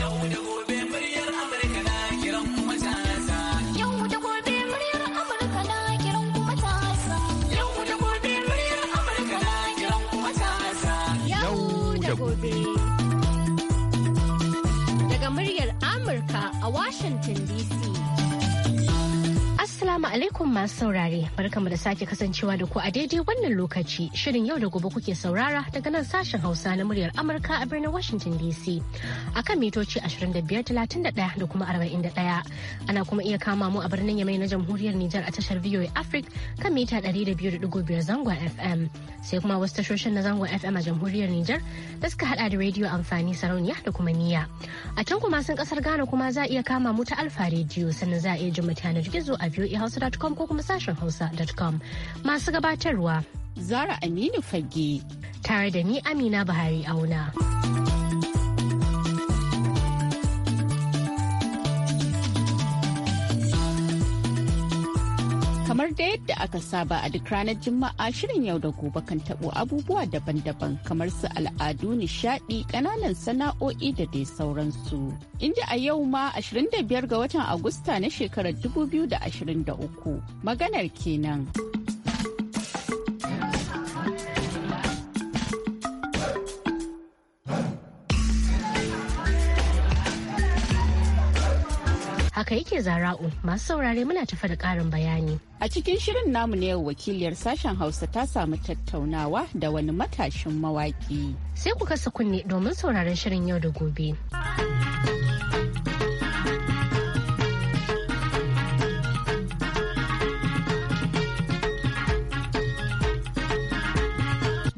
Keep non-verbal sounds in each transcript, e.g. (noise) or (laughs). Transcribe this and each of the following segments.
no, alaikum masu saurare barkamu da sake kasancewa da ku a daidai wannan lokaci shirin yau da gobe kuke saurara daga nan sashen hausa na muryar amurka a birnin washington dc akan mitoci 2531 da kuma 41 ana kuma iya kama mu a birnin yamai na jamhuriyar nijar a tashar voa africa kan mita 200.5 zangon fm sai kuma wasu tashoshin na zangon fm a jamhuriyar nijar da suka hada da rediyo amfani sarauniya da kuma niya a can kuma sun kasar ghana kuma za a iya kama mu ta alfa rediyo sannan za a iya jin mutanen gizo a voahausa.com ko kuma sashen hausa.com masu gabatarwa. Zara Aminu Fage. Tare da ni Amina Buhari Auna. kamar da yadda aka saba a duk ranar Juma'a shirin yau da gobe kan tabo abubuwa daban-daban kamar su al'adu, nishadi, kananan sana'o'i da dai sauransu. Inda a yau ma 25 ga watan Agusta na shekarar 2023 maganar kenan. Haka yake zara'u masu saurare muna tafa da ƙarin bayani. A cikin shirin namu ne wakiliyar sashen Hausa ta samu tattaunawa da wani matashin mawaki. Sai ku kasa kunne domin sauraron shirin yau da gobe.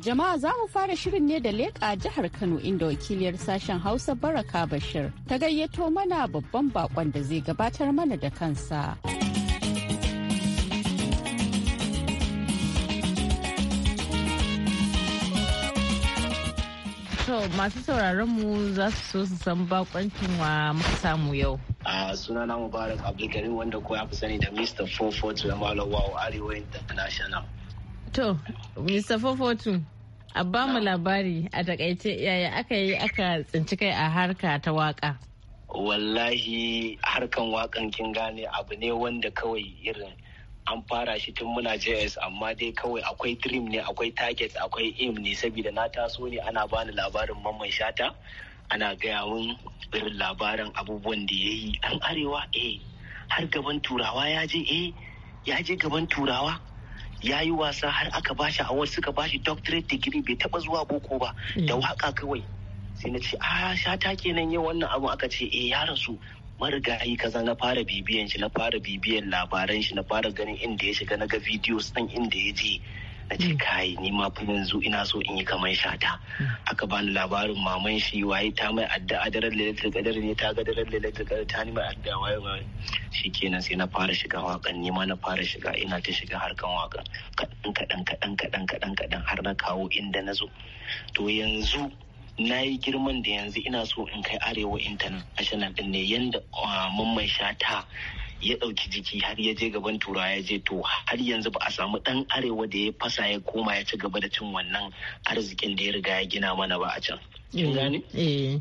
Jama'a za mu fara shirin ne da leƙa jihar Kano inda wakiliyar sashen Hausa Baraka Bashir ta gayyato mana babban bakon da zai gabatar mana da kansa. So, masu sauraron mu za su so su san bakoncin wa muka samu yau. a sunana Mubarak Abdulkarim wanda ko ya fi sani da Mr. 442 na Malawa Arewa International. To, Mr. Fofotu, a bamu mu labari a takaice yaya aka yi aka tsinci kai a harka ta waka wallahi harkan wakan kin gane abu ne wanda kawai irin an fara shi tun muna js amma dai kawai akwai dream ne akwai target akwai aim ne saboda na taso ne ana bani labarin mamman shata ana gaya mun irin labarin abubuwan da ya yi an arewa eh har gaban turawa ya je eh ya je gaban turawa ya yi wasa har aka bashi award suka bashi doctorate degree bai taba zuwa boko ba mm. da waka kawai sai na ce a ah, shata kenan yau wannan abu aka ce eh ya rasu marigayi kaza na fara bibiyan shi na fara bibiyan labaran shi na fara ganin inda ya shiga na ga videos din inda ya je na ce kai ni ma fa yanzu ina so in yi kamar shata aka bani labarin maman shi waye ta mai addu'a daren lailatul qadar ne ta ga daren lailatul qadar ta ni mai addu'a waye waye shikenan sai na fara shiga wakan ni ma na fara shiga ina ta shiga harkan waka kadan kadan kadan kadan kadan kadan har na kawo inda na zo to yanzu na yi girman da yanzu ina so in kai arewa intanet international din ne yanda ah, mamman shata ya ɗauki jiki har ya je gaban turawa ya je to har yanzu ba a samu ɗan arewa da ya fasa ya koma ya ci gaba da cin wannan arzikin da ya riga ya gina mana ba a can. Eh.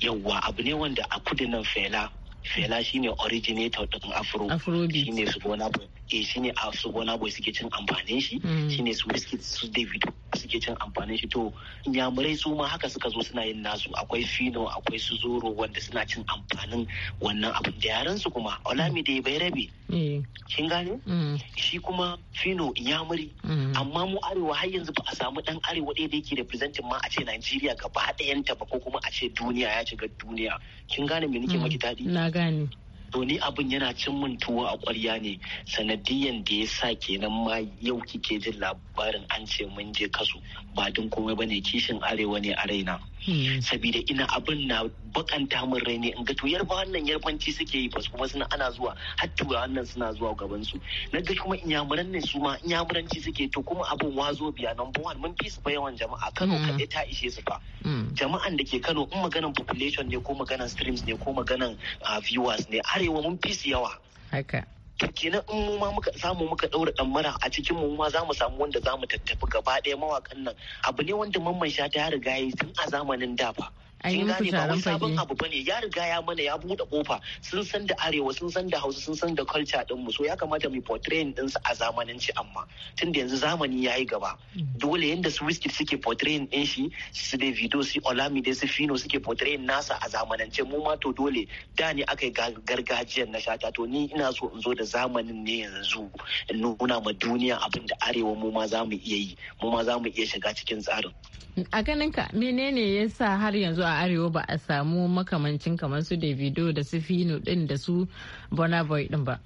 Yawwa abu ne wanda a kudu nan fela fela shine originator din afro shine su bona boy eh shine ah, su bona boy suke cin amfanin shi hmm. shine su whiskey su david suke cin amfanin shi to inyamurai su ma haka suka zo suna yin nasu akwai fino akwai su zoro wanda suna cin amfanin wannan abin da yaran su kuma olamide bai rabe eh. kin gane hmm. shi kuma fino nyamuri hmm. amma mu arewa har yanzu ba a samu dan arewa ɗaya da yake representing ma a ce Najeriya gaba ta ba ko kuma a ce duniya ya shiga duniya kin gane me nake maki dadi gane to ni abin yana cin mun tuwo a ƙwarya ne sanadiyan da ya sa kenan ma yau kike jin labarin an ce mun je kasu ba don komai bane kishin arewa ne a raina Hmm. saboda ina abin na bakanta min rai ne in ga to yarba wannan yarbanci suke yi basu kuma suna ana zuwa har tura wannan suna zuwa gaban su na ga kuma inyamuran ne su ma inyamuranci suke to kuma abin wazo biya number one mun fi su fa yawan jama'a Kano hmm. kaɗai ta ishe su fa hmm. jama'an da ke Kano in maganan population ne ko maganan streams ne ko maganan ah, viewers ne arewa mun fi su yawa haka kenan in mu ma muka samu muka daura mura a cikin mu ma zamu samu wanda zamu tattafi gaba ɗaya mawakan nan abu ne wanda mamman sha ta riga yi tun a zamanin da ba kin gane sabon abu bane ya riga ya mana ya buɗe kofa sun san da arewa sun san da hausa sun san da culture din mu so ya kamata mu portraying din su a zamananci amma tunda yanzu zamani yayi gaba mm. dole yanda su whisky suke portraying din shi su da video su olamide su fino suke portraying nasa a zamanance mu ma to dole da ne aka yi gargajiyar na shata to ni ina so in zo da zamanin ne yanzu in nuna ma duniya abin da arewa mu ma za mu iya yi mu ma za mu iya shiga cikin tsarin a ganin ka menene ya sa har yanzu a arewa ba a samu makamancin kamar su davido da su fino din da su bonaboy din ba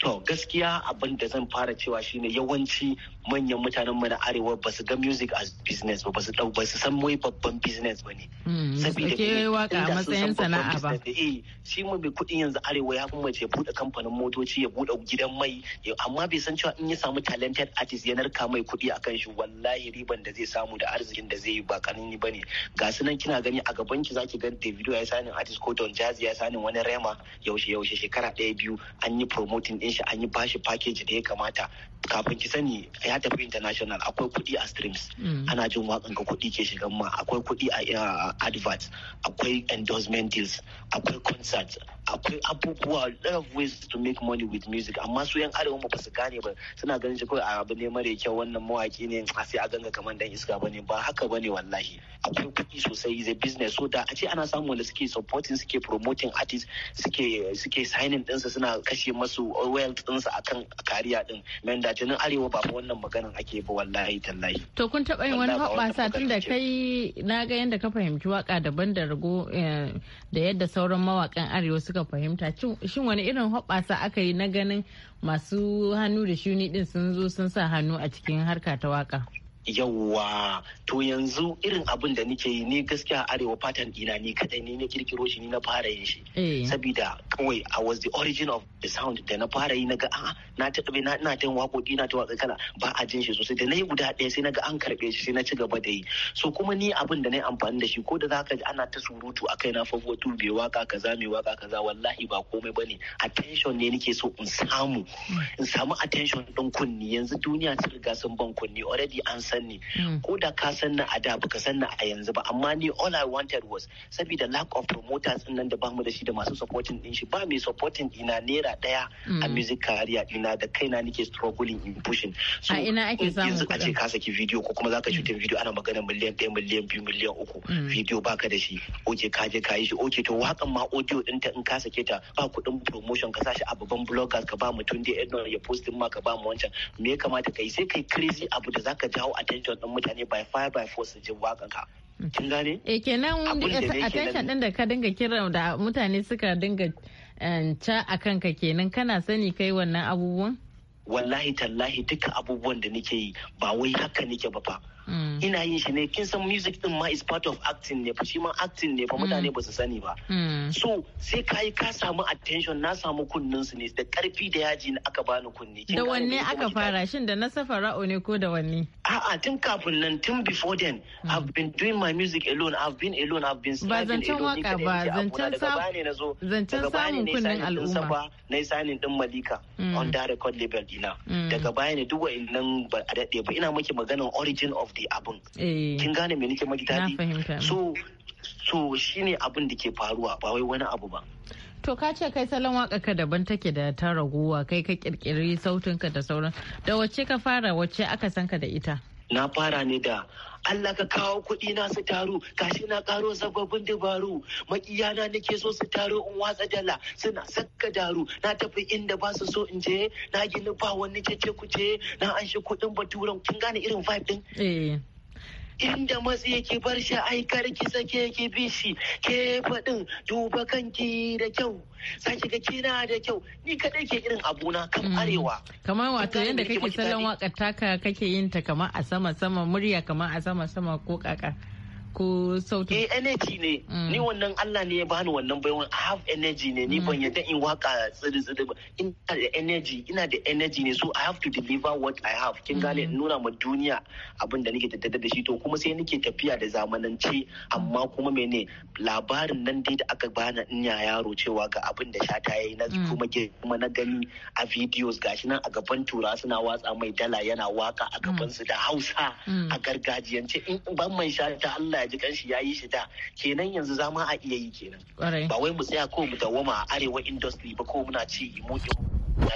To gaskiya abin da zan fara cewa shine yawanci manyan mutanen mu na arewa ba su ga music as business ba su dau ba su san wai babban business ba ne. Hmm, Saboda ke waka a matsayin sana'a ba. Eh shi mu bai kudin yanzu arewa ya kuma ce bude kamfanin motoci ya bude gidan mai amma bai san cewa in ya samu talented artist ya narka mai kudi akan shi wallahi riban da zai samu da arzikin da zai yi ba kanini bane. Ga sunan kina gani a gaban ki zaki ga Davido ya sanin artist ko Don Jazzy ya sanin wani Rema yaushe yaushe shekara ɗaya biyu an yi promote mutum ɗin shi an yi bashi package da ya kamata kafin ki sani ya tafi international akwai kuɗi a streams mm. ana jin waƙan ka kuɗi ke shiga ma akwai kuɗi a adverts akwai endorsement deals akwai concert akwai abubuwa lot of ways to make money with music amma su yan arewa ba su gane ba suna ganin shi a abu ne mara kyau wannan mawaki ne a ah, sai a ganga kamar dan iska bane ba haka bane wallahi akwai kuɗi sosai is a business so da a ce ana samu wanda suke supporting suke promoting artists suke suke signing ɗinsa suna kashe masu din ɗinsa akan kariya din men da jinin arewa ba wannan maganan ake ba wallahi tallahi to kun taba yin wani hoɓɓasa tunda kai na ga yadda ka fahimci waka daban da rago eh, da yadda sauran mawakan arewa suka fahimta shin wani irin hobasa aka yi na ganin masu hannu da shuni din sun zo sun sa hannu a cikin harka ta waka yawwa to yanzu irin abin da nike yi ni gaskiya arewa fatan dina ni kadai ni na kirkiro shi ni na fara yin shi eh. saboda kawai i was the origin of the sound da na fara yi na ga na ta na ina ta waƙoƙi na ta kala ba a jin shi sosai da na yi guda ɗaya sai na ga an karɓe shi sai na ci gaba da yi so kuma ni abin da na yi amfani da shi ko da zaka ji ana ta surutu a kai na fafo bai waka kaza mai waka kaza wallahi ba komai ba ne attention ne nike so in samu in samu attention ɗin kunni yanzu duniya ta riga sun ban kunni already an sa. san ni hmm. ko da ka san na a da baka san na a yanzu ba amma ni all I wanted was saboda lack of promoters din nan da bamu da shi da masu supporting din shi ba mai supporting ina naira daya a hmm. music career ina da kaina nake struggling in pushing so a ina ake samun kuɗin yanzu ka saki video ko kuma zaka hmm. shoot video ana magana miliyan ɗaya miliyan 2 miliyan uku video baka da shi oke ka je ka yi shi oke to wakan ma audio ɗinta in ka sake ta ba kuɗin promotion ka sa shi a babban bloggers ka ba mutum da ya post ma ka ba mu wancan me ya kamata ka yi sai kai crazy abu da zaka jawo a attention din mutane by fire by force su ji wakan ka hmm. kin gane E kenan attention din da ka dinga kira da mutane suka dinga eh, ca a kanka kenan kana sani kai wannan abubuwan wallahi tallahi duka abubuwan da nake yi ba wai haka nike ba fa Mm. ina yin shi ne kin san music din ma is part of acting ne fa shi ma acting ne fa mm. mutane ba su sani ba mm. so sai kai ka samu attention na samu kunnin su ne da karfi da yaji na aka bani kunni da wanne aka fara shin da na safara'o ne ko da wanne a'a tun kafin nan tun before then i've been doing my music alone i've been alone i've been ba zancen waka ba zancen samun kunnin al'umma na sanin din malika on that record label dina daga baya ne duk wa'annan ba a daɗe ba ina maki maganar origin of daɗe abin eh. kin gane me nake maki daɗi so so shine abin da ke faruwa ba wai wani abu ba to ka ce kai salon waka ka daban take da ta raguwa kai ka kirkiri sautinka da sauran da wacce ka fara wacce aka san ka da ita na fara ne da Allah ka kawo kuɗi na su taru kashi na karo sababbin dabaru makiyana nake so su taru in watsa dala suna sakka daru na tafi inda ba su so in je na gina ba wani kece kuce na an shi kuɗin baturan kin gane irin vibe din eh. inda matsi ki bar shi ai kar ki sake ki bi shi ke faɗin duba kanki da kyau sake ga kina da kyau ni kadai ke irin abuna kan mm. arewa kamar wato yadda kake salon wakar taka kake yin ta kamar a sama sama murya kamar a sama sama ko kaka ko sautin eh energy ne mm. ni wannan Allah ne ya bani wannan baiwan i have energy ne ni mm. ban yadda in waka tsiri tsiri ba ina da energy ina da energy ne so i have to deliver what i have kin gane mm. nuna ma duniya abin da nake tattare da shi to kuma sai nake tafiya da zamanance amma kuma mene labarin nan dai da aka bani ya yaro cewa ga abin da shata yayi na kuma kuma na gani a videos gashi nan a gaban tura suna watsa mai dala yana waka a gaban su da Hausa a gargajiyance in ban man shata Allah ji kanshi ya yi shi da kenan yanzu za mu a iya yi kenan ba wai mu tsaya ko mu dawwama a arewa industry ba ko muna ci mu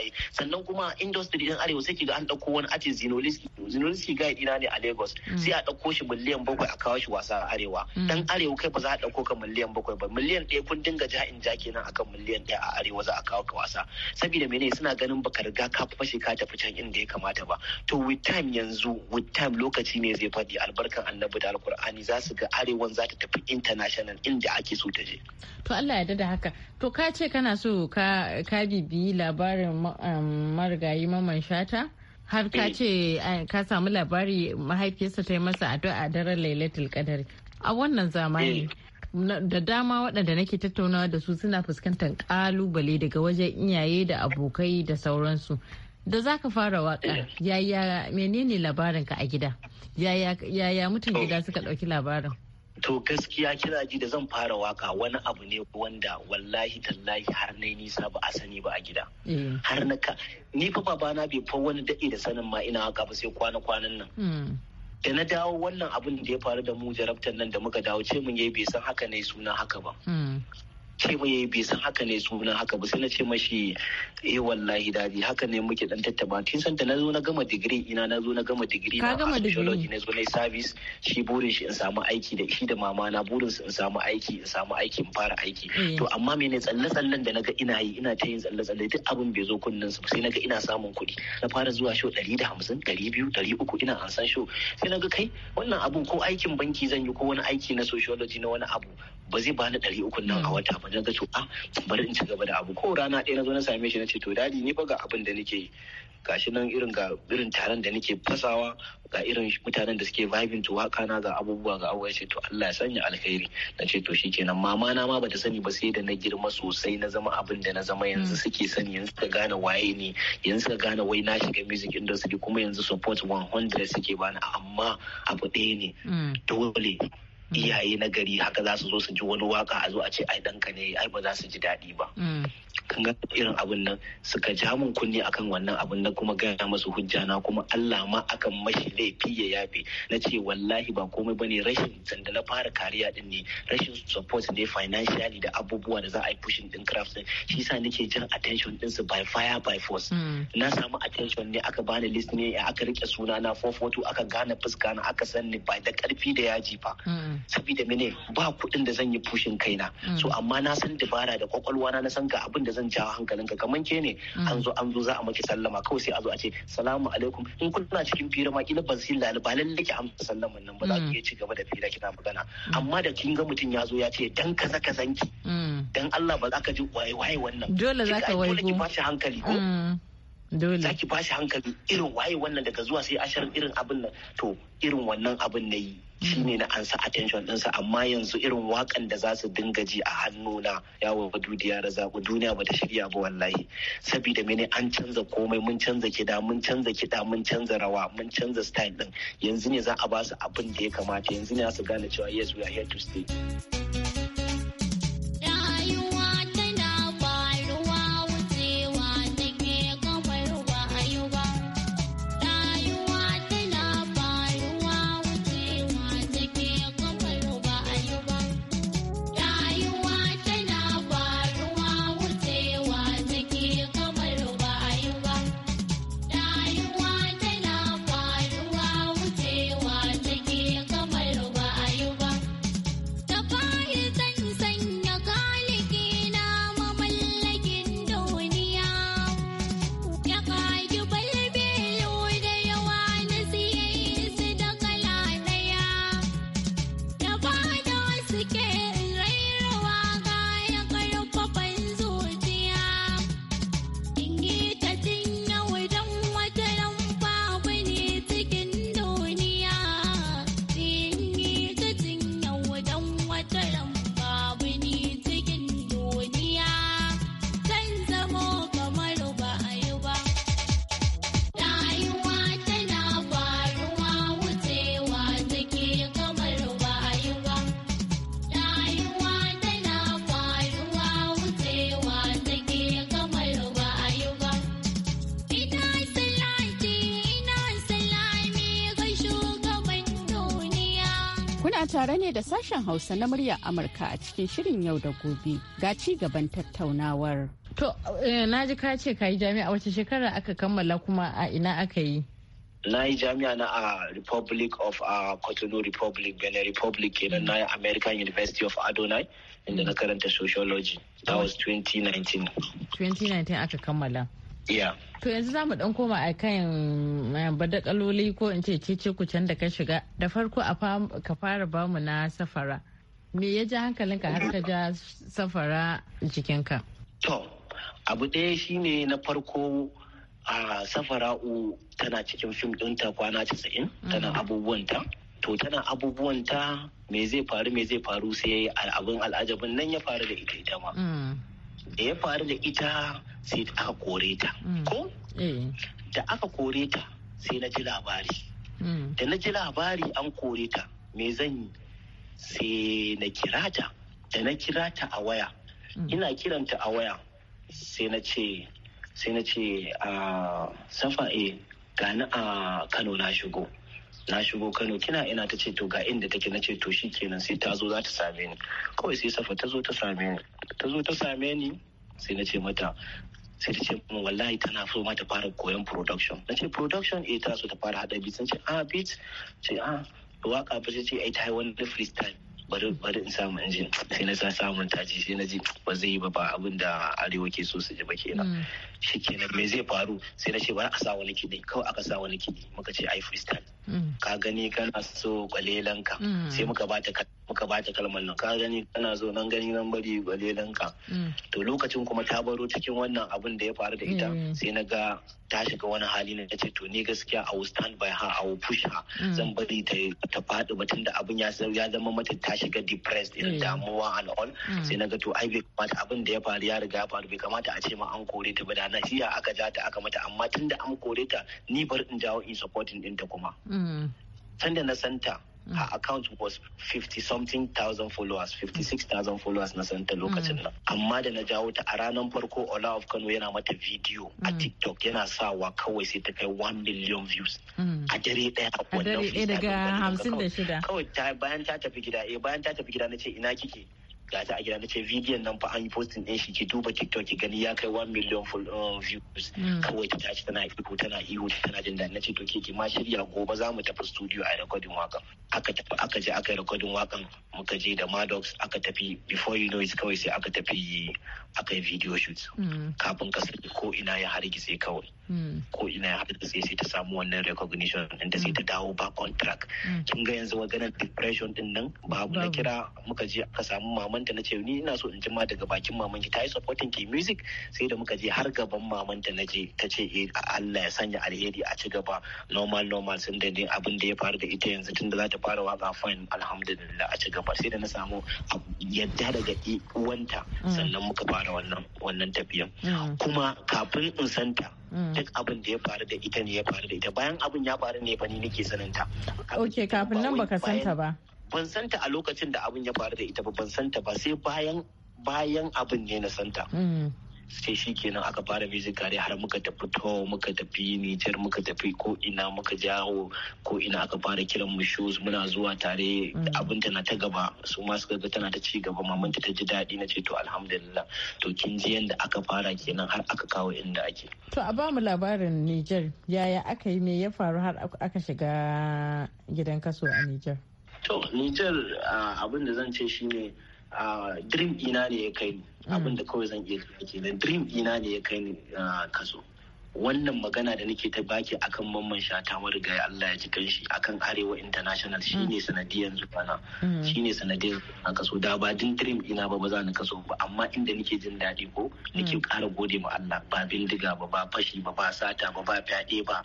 yi sannan kuma industry din arewa sai kiga an dauko wani ake zinoliski zinoliski ga ina ne a Lagos mm. sai a dauko shi miliyan bakwai a kawo shi wasa a arewa mm. dan arewa kai ba za a dauko ka miliyan bakwai ba miliyan ɗaya kun dinga ja in ja kenan akan miliyan ɗaya a arewa za a kawo ka wasa saboda mene suna ganin baka riga ka fashe ka tafi can inda ya kamata ba to with time yanzu with time lokaci ne zai fadi albarkan annabi da alkur'ani za su ga arewan za ta tafi international inda ake so ta je to Allah ya dada haka to ka ce kana so ka ka bibiyi labarin Um, marigayi maman shata har ka ce eh, ka samu labari mahaifiyarsa ta yi masa addu'a daren lailatul kadari a wannan zamani eh. da dama waɗanda nake tattaunawa da su suna fuskantar kalubale daga wajen iyaye da abokai da sauransu da za ka fara waka eh. yaya menene labarinka a gida yaya mutum gida suka ɗauki labarin To gaskiya kiraji ji da zan fara waka wani abu ne wanda wallahi tallahi har na nisa ba a sani ba a gida. Eh. Har na ka ni fa babana bai fa wani daɗe da sanin ma ina waka ba sai kwana kwanan nan. Hmm. Da na dawo wannan abin da ya faru da mu jarabtar nan da muka dawo ce mun yayi bai san haka ne suna haka ba. Hmm. ce mai bai san haka ne sunan haka ba sai na ce mashi eh wallahi dadi haka ne muke dan tattaba tun san da na zo na gama digiri ina na zo na gama digiri na sociology na zo na service shi burin shi in samu aiki da shi da mama na burin su in samu aiki in samu aiki in fara aiki eh. to amma me ne tsalle tsallen da naga ina yi ina ta yin tsalle tsalle duk abin bai zo kunnen su sai naga ina samun kuɗi na fara zuwa show 150 200 300 ina ansan show sai naga kai wannan abun ko aikin banki zan yi ko wani aiki na sociology na wani abu ba zai bani 300 nan a hmm. wata ba wajen ga a ah, bari in ci gaba da abu ko rana ɗaya na zo na same shi na ce to dadi ni ba ga abin da nake gashi nan irin ga irin taron da nake fasawa ga irin mutanen da suke vibing to waka na ga abubuwa ga abubuwa ce to Allah ya sanya alkhairi na ce to shikenan mama na ma bata sani ba sai da na girma sosai na zama abin da na zama yanzu hmm. suke sani yanzu ka gane waye ne yanzu ka gane wai na shiga music industry kuma yanzu support 100 suke bani amma abu ɗaya ne hmm. dole Mm. iyaye na gari haka za su zo su ji wani waka a zo a ce ai danka ne ai ba za su ji daɗi ba mm. kan ga irin abin nan suka ja mun kunni akan wannan abin nan kuma gaya masu hujja na kuma Allah ma akan mashi laifi ya yafe na ce wallahi ba komai bane rashin sanda na fara kariya din ne rashin support ne financially da abubuwa da za a yi pushing din craft din shi yasa nake jan attention din su by fire by force mm. na samu attention ne aka bani list ne aka rike suna na 442 aka gane fuska na aka sanni by da karfi da yaji fa saboda mene ba kuɗin da zan yi fushin kaina mm. so amma na san dabara da kwakwalwa na san ga abin da zan jawo hankalin ka. kaman ke ne mm. an zo an zo za a maki sallama kawai sai a zo a ce salamu alaikum in kuna cikin fira ma kila ban sai ba lalle ki amsa sallaman nan ba za ki mm. ci gaba da fira kina magana amma da kin ga mutum ya zo ya ce dan kaza kazanki dan Allah ba za ka ji waye waye wannan dole za ka waigo ki ba hankali ko za ki bashi hankali irin waye wannan daga zuwa sai ashar irin abin nan to irin wannan abin na yi shine na ansa attention ɗinsa amma yanzu irin wakan da za su dinga ji a hannuna ya yawon dudiya zaku duniya ba ta shirya ba wallahi saboda mene an canza komai mun canza kida mun canza kiɗa mun canza rawa mun canza style ɗin yanzu ne za a ba su abin da ya kamata yanzu ne za su gane cewa yes we are here to stay tare ne da sashen Hausa na murya Amurka a cikin shirin yau da gobe ga ci gaban tattaunawar. To, eh, na ji ka ka yi jami'a wace shekara aka kammala kuma a ina aka yi? Na yi jami'a na a Republic of a Cotonou Republic, Benin Republic kenan na American University of Adonai inda na karanta sociology. That was 2019. 2019 aka kammala. iya To yanzu za mu dan koma a kan eh, badakaloli ko in ce cece can da ka shiga. Da farko a ka fara bamu na safara. Me ya ja hankalinka har ka ja safara jikinka? To, abu ɗaya shine na farko a safara u tana cikin fim ɗinta kwana casa'in tana mm. abubuwanta. To tana abubuwanta me zai faru me zai faru sai abin al'ajabin nan ya faru da ita ita ma. Mm. da ya faru da ita sai aka kore ta mm. ko eh. da aka kore ta sai na ji labari mm. da na ji labari an kore ta me zan yi sai na kira ta da na kira ta a waya mm. ina kiranta a waya sai na ce sai na ce a ah, safa e eh, gani a kano na shigo na shigo kano kina ina ta ce to ga inda take na ce to shi kenan sai ta zo za ta same ni kawai sai safa ta zo ta same ni ta zo ta same ni sai na ce mata sai ta ce wallahi tana so ma ta fara koyon production na ce production eh ta so ta fara hada beat ce a ah, beat ce a ah, waka ba ce ai ta yi wani freestyle bari bari in samu injin sai na sa samun taji sai na ji ba zai yi ba ba abin da arewa ke so su ji ba kenan mm. shi kenan me zai faru sai na ce ba a sa wani kiɗi kawai aka sa wani kiɗi muka ce ai freestyle mm. ka gani kana so kwalelanka mm. sai muka bata ta muka bata kalmar nan ka gani tana zo nan gani nan bari ka mm. to lokacin kuma ta baro cikin wannan abin da ya faru da ita mm. sai na ga ta shiga wani hali na ce to ni gaskiya I will stand by her I push her mm. zan bari ta ta faɗi batun da abin ya zama mata ta shiga depressed irin damuwa and all sai na ga to ai bai kamata abin da ya faru ya riga ya faru bai kamata a ce ma an kore ta ba da nasiha aka ja ta aka mata amma tunda an kore ta ni bar in jawo in supporting ta kuma sanda na santa Mm. Her account was 50 something thousand followers, 56,000 followers na santa lokacin mm. nan. Amma da na jawo ta a ranar farko Ola of Kano yana mata video a mm. TikTok yana sawa kawai sai ta kai 1 million views. Mm. A dare daya wannan a daga 56. Kawai bayan ta tafi gida, eh bayan ta tafi gida na ce ina kike? ga ta a gida ce bidiyon nan fa an yi posting din shi ki duba TikTok ki gani ya kai 1 million uh, views mm. kawai ta tashi tana ihu tana ihu tana jin daɗi nace to ke ma shirya gobe za mu tafi studio a recording wakan aka tafi aka je aka yi recording wakan muka je da Maddox aka tafi before you know it kawai sai aka tafi aka yi video shoot mm. kafin ka sani ko ina ya hargitse kawai mm. ko ina ya hargitse sai ta samu wannan recognition da sai ta dawo back on track kin ga yanzu maganar depression din nan babu na kira muka je aka samu mama mamanta na ce ni ina so in ji ma daga bakin mamanki ta yi supporting ki music sai da muka je har gaban mamanta na je ta ce eh Allah ya sanya alheri a ci gaba normal normal sun da ne abin da ya faru da ita yanzu tunda za ta fara waka fine alhamdulillah a ci gaba sai da na samu yadda daga uwanta mm. sannan muka fara wannan wannan tafiyan mm. kuma kafin in santa mm. duk abin da ya faru da ita ne ya faru da ita bayan abin ya faru ne fa ni nake saninta. okay kafin nan baka santa ba. ban santa a lokacin da abin ya faru da ita ba ban santa ba sai bayan bayan abin ne na santa mm. sai shi kenan aka fara music har muka tafi to muka tafi nijar muka tafi ko ina muka jawo ko ina aka fara kiran mu shoes muna zuwa tare mm. abin ta na ta gaba su ma suka ga tana ta ci gaba maman ta ji daɗi na ce to alhamdulillah to kin ji yanda aka fara kenan har aka kawo inda ake to a bamu labarin nijar yaya aka yi me ya faru har aka shiga gidan kaso a nijar. To, Nijar abin da zan ce shi ne dream ina ne ya kai ni. Mm. Abin da kawai zan iya kenan dream ina ne ya kai ni kaso. wannan magana da nake ta baki akan mamman shata marigayi Allah ya ji shi akan arewa international shi shine mm. sanadiyan zubana mm. ne sanadiyar a kaso da ba din dream ina ba ba za ni kaso ba amma inda nake jin daɗi ko nake kara gode ma Allah ba bindiga ba ba fashi ba ba sata ba ba fyaɗe ba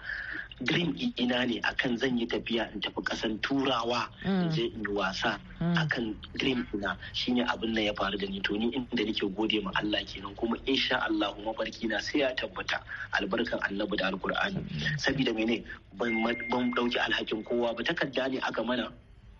dream ina ne akan zan yi tafiya in tafi kasan turawa in mm. je in yi wasa mm. akan dream ina shine abin da ya faru da ni to ni inda nake gode ma Allah kenan kuma insha Allah mafarki na sai ya tabbata albarkan annabi da alkur'ani mm. saboda mene ban dauki alhakin kowa ba takarda ne aka mana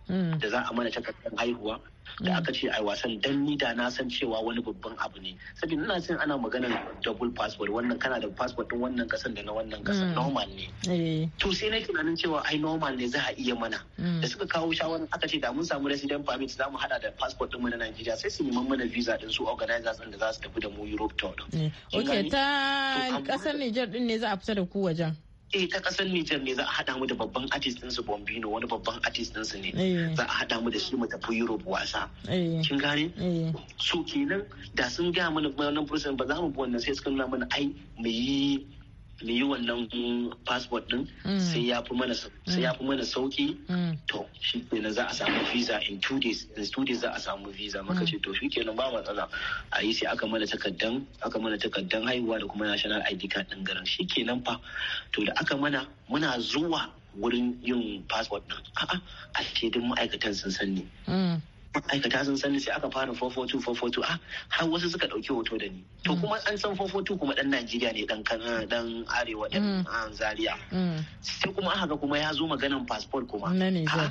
Mm. da za a mana ta haihuwa da mm. aka ce ai wasan dan ni da na san cewa wani babban abu ne saboda ina san ana maganar double passport wannan kana da passport din wannan kasan da na wannan kasan mm. normal ne eh. to sai na tunanin cewa ai normal ne za a iya mana da suka kawo shawarar aka ce da mun samu resident permit za mu hada da passport din mu na Najeriya sai su neman mana visa din su organizers din da za su tafi da mu Europe tour eh. okay ta kasar Niger din ne za a fita da ku wajen eh ta kasar Nijar ne za a haɗa mu da babban artist ɗinsu Bombino wani babban artist ɗinsu ne eh. za a haɗa mu da shi mu tafi Europe wasa eh. kin gane eh. so kenan da sun ga mana wannan process ba za mu bi wannan sai suka nuna mana ai mu yi mu yi wannan passport din mm. sai ya fi mana sai ya fi mm. mana sauki mm. to shi kenan za a samu visa in two days in two days za a samu visa maka ce to shi kenan ba matsala a yi sai aka mana takardan aka mana takardan haihuwa da kuma national ID card din garin shi kenan fa to da aka mana muna zuwa wurin yin passport din a'a a duk ma'aikatan sun san ne ma'aikata sun sani sai aka fara 442 442 ah har wasu suka dauki hoto da ni to mm. kuma an san 442 kuma dan Najeriya ne dan dan ah, arewa dan mm. ah, Zaria mm. sai kuma aka ga kuma ya zo maganan passport kuma na Nijar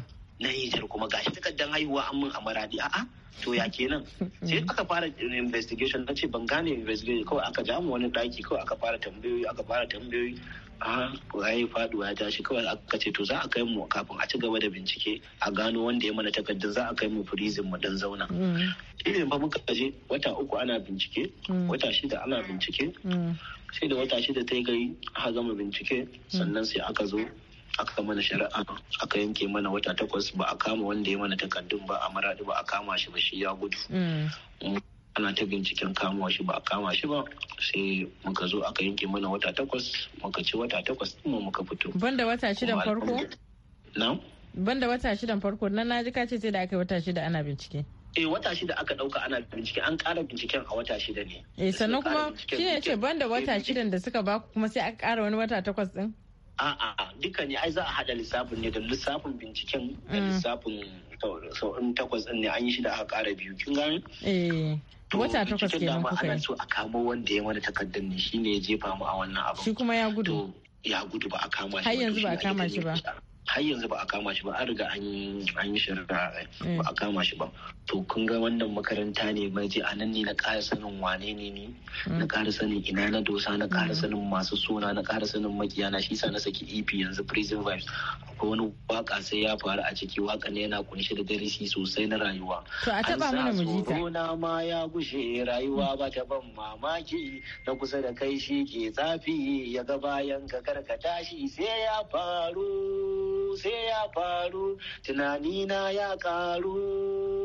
ah, kuma gashi takardar haihuwa an mun amaradi a'a to ya kenan (laughs) sai aka fara investigation na ce ban gane investigation kawai aka jamu wani daki kawai aka fara tambayoyi aka fara tambayoyi ya yi faɗu ya tashi kawai aka ce to za a kai mu kafin a ci gaba da bincike a gano wanda ya mana takardar za a kai mu firizin mu dan zauna mm. Ina ba muka kaje wata uku ana bincike mm. wata shida ana bincike mm. sai da wata shida ta yi gari aka gama bincike sannan sai aka zo aka mana shari'a aka yanke mana wata takwas ba a kama wanda ya mana takardun ba a maradi ba a kama shi ba shi ya gudu ana ta binciken kama shi ba a kama shi ba sai muka zo aka yanke mana wata takwas muka ci wata takwas mu muka fito banda wata shidan farko na banda wata shidan farko nan naji ka ce sai da aka wata shida ana bincike eh wata shida aka dauka ana bincike an kara binciken a wata shida ne eh sannan kuma shi ne ce banda wata eh, shidan da suka baku kuma sai aka kara wani wata takwas din a'a duka ne ai za a hada lissafin ne da lissafin binciken da mm. lissafin sau'in takwas din ne an yi shi da aka ƙara biyu kin gani eh. wata takwas nan kuka yi a kamo wanda ya mana takardar ne shine ya jefa mu a wannan abu shi kuma ya gudu ya gudu ba a kama shi har yanzu ba a kama shi ba har yanzu ba a kama shi ba an riga an yi shari'a mm. ba a kama shi ba to kun ga wannan makaranta ne mai je anan ne na ƙara sanin wane ne ni mm. na ƙara sanin ina na dosa na ƙara mm. sanin masu suna na ƙara sanin makiya na shi sa na saki EP yanzu prison vibes akwai wani waka sai ya faru a ciki waka ne yana kunshe da darasi sosai na rayuwa to a taba mana mujita na ma ya gushe rayuwa ba ta ban mamaki na kusa da kai shi ke tsafi ya ga bayan ka karkata shi sai ya faru sai ya faru tunanina ya ƙaru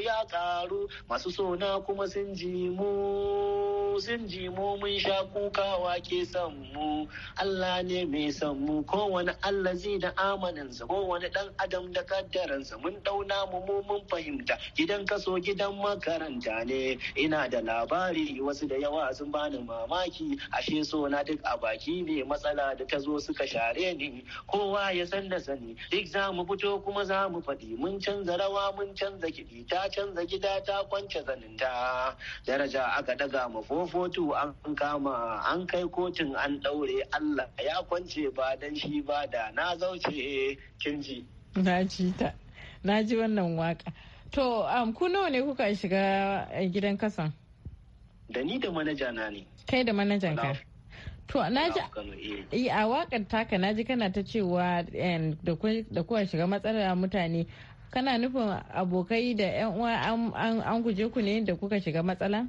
ya karu masu sona kuma sun ji mu sun ji mu mun sha kukawa ke san mu Allah ne mai san mu wani Allah zai da ko wani dan adam da kaddaransa mun dauna mu mu mun fahimta gidan kaso gidan makaranta ne ina da labari wasu da yawa sun bani mamaki ashe sona duk a baki ne matsala da ta zo suka share ni kowa ya san da sani duk za mu fito kuma za mu faɗi mun canza rawa mun canza kiɗi ta canza gida ta kwance zaninta daraja aka daga mafofotu an kama an kai kotun an daure allah ya kwance ba dan shi ba da na zauce kinji na ji ta na ji wannan waka to um, ku nawa ne kuka shiga eh, gidan kasan da ni da manaja na ne kai da manajan ka To ji eh. Eh, a wakar taka na ji kana ta cewa da kuwa shiga matsala mutane kana nufin abokai da yan uwa an guje ku ne da kuka shiga matsala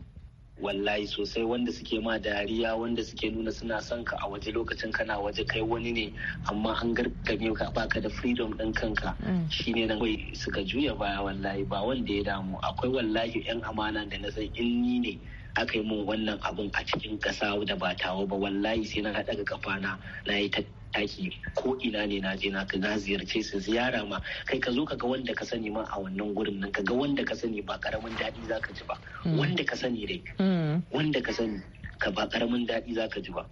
wallahi sosai wanda suke ma dariya wanda suke nuna suna son ka a waje lokacin kana waje kai wani ne amma an gargame ka baka da freedom din kanka mm. shine nan kai suka juya baya wallahi ba wanda ya damu akwai wallahi yan amana da na san in ni ne aka yi mun wannan abun a cikin ƙasa da ba tawo ba wallahi sai na daga kafana na yi taki ko ina ne na je na na ziyarce su ziyara ma kai ka zo ka ga wanda ka sani ma a wannan gurin nan ka ga wanda ka sani ba karamin daɗi zaka ji ba hmm. wanda ka sani dai hmm. wanda ka sani ka ba karamin daɗi zaka ji ba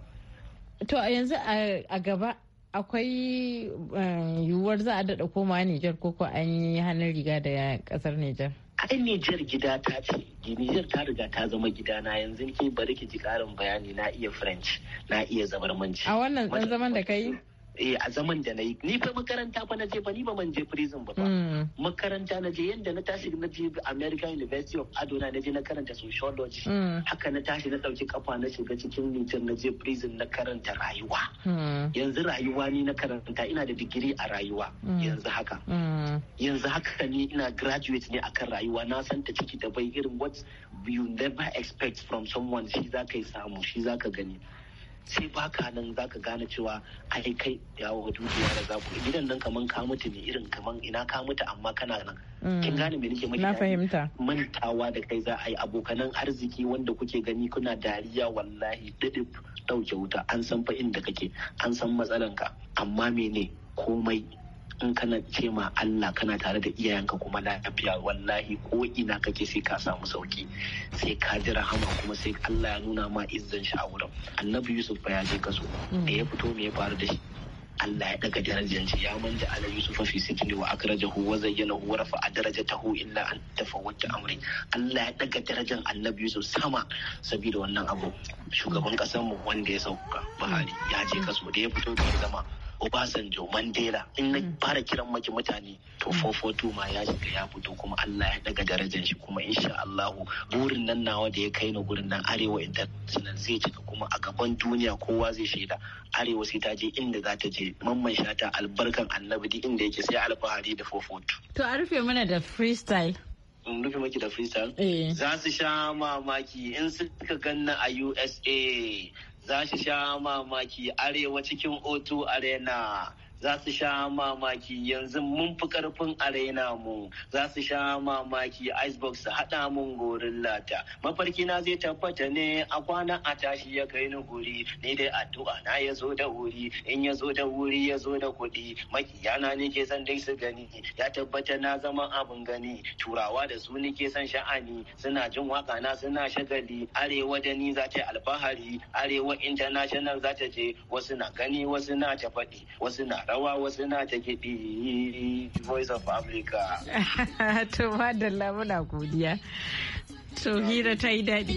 to a yanzu a gaba akwai eh, yiwuwar za a daɗa koma Nijar ko ko an yi hannun riga da ƙasar Nijar. ai Nijar gida ta ce Nijar ta riga ta zama gida na yanzu ke bari ki ji karin bayani na iya French na iya zabarmanci a wannan dan zaman da kai eh a zaman da na yi ni fa makaranta fa na je ba ni ba man je prison ba hmm. makaranta na je yanda na tashi na je American University of Adona na je na karanta sociology hmm. haka na tashi na dauki kafa na shiga cikin mutum na je prison na karanta rayuwa hmm. yanzu rayuwa ni na karanta ina da digiri a rayuwa yanzu haka yanzu haka ni ina graduate ne akan rayuwa na san ta ciki da bai irin what you never expect from someone shi zaka yi samu shi zaka gani sai baka nan zaka gane cewa ai kai yawo dukiya da za zaku gidan nan kaman ka mutu ne irin kaman ina ka mutu amma kana nan mm. kin gane me nake miki na fahimta mantawa da kai za a yi abokanan arziki wanda kuke gani kuna dariya wallahi daɗi ɗauke wuta an san fa inda kake an san matsalanka amma mene komai in kana ce ma Allah kana tare da iyayenka kuma lafiya wallahi ko ina kake sai ka samu sauki sai ka ji rahama kuma sai Allah ya nuna ma izzan shi a wurin annabi Yusuf fa ya je kaso da mm. ya fito me ya faru da shi Allah ya daga darajar shi ya manja ala Yusuf fi sitni wa akrajahu wa zayyanahu wa rafa'a darajatahu illa an tafawwata amri Allah ya daga darajar Annabi Yusuf sama saboda wannan abu shugaban kasar mu wanda ya sauka bahari ya je mm. kaso da ya fito da zama Obasanjo Mandela in na mm. fara kiran maki mutane to 442 mm. ma ya shiga ya fito kuma Allah ya daga darajar shi kuma insha Allah burin nan nawa da ya kai na gurin nan arewa international zai cika kuma a gaban duniya kowa zai shaida arewa sai ta je inda za ta je mamman shata albarkan annabi duk inda yake sai alfahari da 442 to a rufe mana da freestyle in rufe maki da freestyle eh. za su sha mamaki in suka ganna a USA za shi sha mamaki arewa cikin otu Arena za su sha mamaki yanzu mun fi karfin arena mu za su sha mamaki icebox su haɗa mun gorin lata mafarki na zai tabbata ne a kwana a tashi ya kai ni guri ni dai addu'a na ya zo da wuri in ya zo da wuri ya zo da kuɗi makiyana ne ke san dai su gani ya tabbata na zama abin gani turawa da su ke san sha'ani suna jin waka na suna shagali arewa da ni za ta alfahari arewa international za ta je wasu na gani wasu na ta faɗi wasu na rawa wasu na ta bi voice of africa (laughs) to madalla muna godiya to hira ta yi daɗi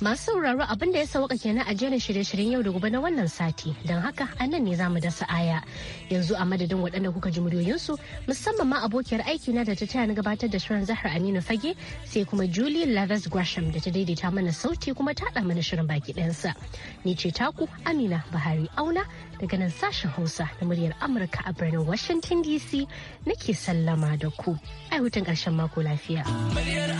Masu sauraro abin da ya sauka kenan a jerin shirye-shiryen yau da gobe na wannan sati don haka a nan ne zamu dasa aya yanzu a madadin waɗanda kuka ji muryoyinsu musamman ma abokiyar aiki na da ta taya na gabatar da shirin zahar Aminu Fage sai kuma Julie Lathers Gresham da ta daidaita mana sauti kuma ta haɗa mana shirin baki ɗayansa. Ni ce taku Amina Bahari Auna daga nan sashen Hausa na muryar Amurka a birnin Washington DC nake sallama da ku. Ai hutun ƙarshen mako lafiya. Muryar